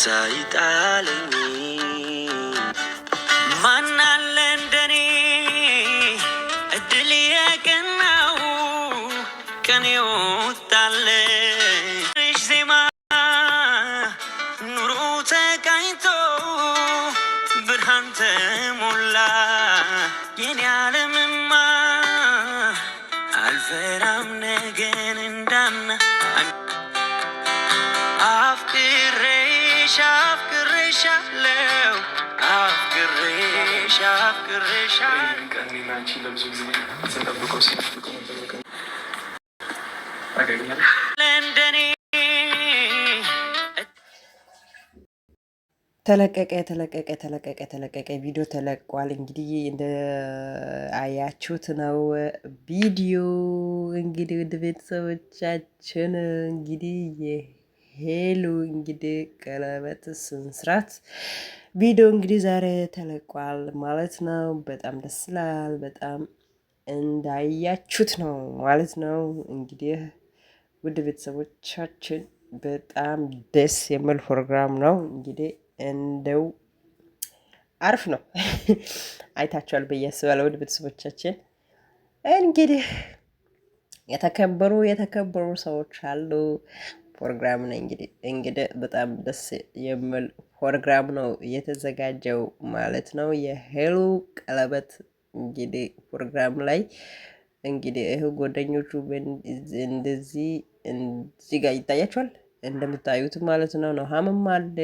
ሳይጣለኝ ማናለ እንደኔ እድል የቀናው ቀኔ ወጣለ ዜማ ኑሮ ተቃኝቶ ብርሃን ተሞላ የኔ ዓለምማ አልፈራም ነገን እንዳና አፍቅሬሽ አፍቅሬሻለሁ አፍቅሬሻለሁ ተለቀቀ ተለቀቀ ተለቀቀ ተለቀቀ ቪዲዮ ተለቋል። እንግዲህ እንደ አያችሁት ነው ቪዲዮ እንግዲህ ውድ ቤተሰቦቻችን እንግዲህ ሄሉ እንግዲህ ቀለበት ስንስራት ቪዲዮ እንግዲህ ዛሬ ተለቋል ማለት ነው። በጣም ደስ ይላል። በጣም እንዳያችሁት ነው ማለት ነው። እንግዲህ ውድ ቤተሰቦቻችን በጣም ደስ የሚል ፕሮግራም ነው። እንግዲህ እንደው አሪፍ ነው። አይታችኋል ብዬ አስባለሁ። ውድ ቤተሰቦቻችን እንግዲህ የተከበሩ የተከበሩ ሰዎች አሉ። ፕሮግራም ነው። እንግዲህ በጣም ደስ የሚል ፕሮግራም ነው የተዘጋጀው ማለት ነው። የሄሉ ቀለበት እንግዲህ ፕሮግራም ላይ እንግዲህ ይህ ጓደኞቹ እንደዚህ ጋር ይታያቸዋል እንደምታዩት ማለት ነው። ነው ሀምም አለ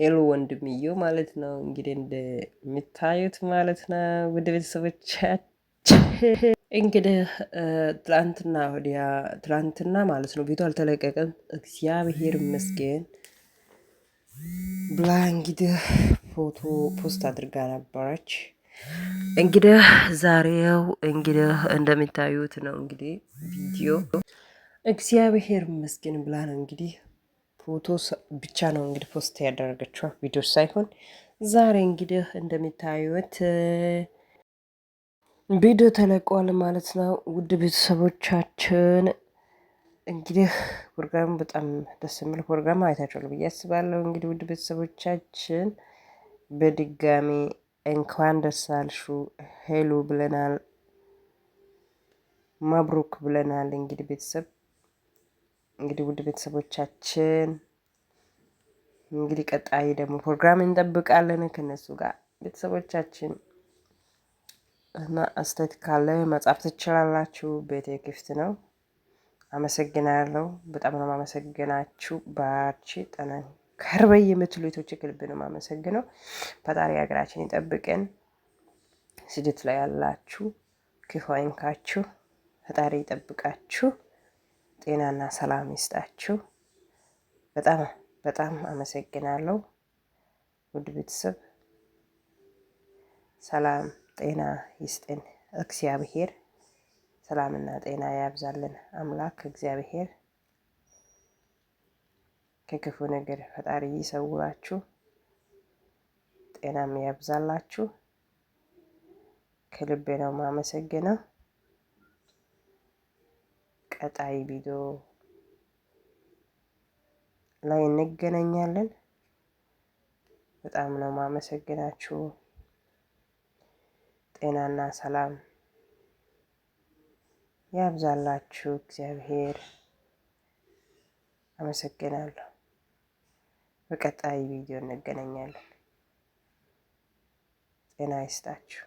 ሄሎ ወንድምየው ማለት ነው እንግዲህ እንደምታዩት ማለት ነው። ወደ ቤተሰቦቻችን እንግዲህ ትላንትና ወዲያ ትላንትና ማለት ነው ቤቱ አልተለቀቀም። እግዚአብሔር ይመስገን ብላ እንግዲህ ፎቶ ፖስት አድርጋ ነበረች። እንግዲህ ዛሬው እንግዲህ እንደሚታዩት ነው እንግዲህ ቪዲዮ እግዚአብሔር ይመስገን ብላ ነው እንግዲህ ፎቶ ብቻ ነው እንግዲህ ፖስት ያደረገችው ቪዲዮ ሳይሆን ዛሬ እንግዲህ እንደሚታዩት ቪዲዮ ተለቋል ማለት ነው። ውድ ቤተሰቦቻችን እንግዲህ ፕሮግራሙ በጣም ደስ የሚል ፕሮግራም አይታችኋል ብዬ አስባለሁ። እንግዲህ ውድ ቤተሰቦቻችን በድጋሚ እንኳን ደስ አልሹ ሄሎ ብለናል፣ ማብሩክ ብለናል። እንግዲህ ቤተሰብ እንግዲህ ውድ ቤተሰቦቻችን እንግዲህ ቀጣይ ደግሞ ፕሮግራም እንጠብቃለን ከነሱ ጋር ቤተሰቦቻችን እና አስተያየት ካለ መጻፍ ትችላላችሁ። ቤቴ ክፍት ነው። አመሰግናለሁ። በጣም ነው ማመሰግናችሁ። ባቺ ጠንከር ከርበይ የምትሉ ቶች ክልብ ነው ማመሰግነው። ፈጣሪ ሀገራችን ይጠብቀን። ስደት ላይ ያላችሁ ክፉ አይንካችሁ፣ ፈጣሪ ይጠብቃችሁ፣ ጤናና ሰላም ይስጣችሁ። በጣም በጣም አመሰግናለሁ ውድ ቤተሰብ ሰላም ጤና ይስጥን። እግዚአብሔር ሰላምና ጤና ያብዛልን። አምላክ እግዚአብሔር ከክፉ ነገር ፈጣሪ ይሰውራችሁ፣ ጤናም ያብዛላችሁ። ከልቤ ነው ማመሰግነው። ቀጣይ ቪዲዮ ላይ እንገናኛለን። በጣም ነው ማመሰግናችሁ። ጤናና ሰላም ያብዛላችሁ እግዚአብሔር። አመሰግናለሁ። በቀጣይ ቪዲዮ እንገናኛለን። ጤና ይስጣችሁ።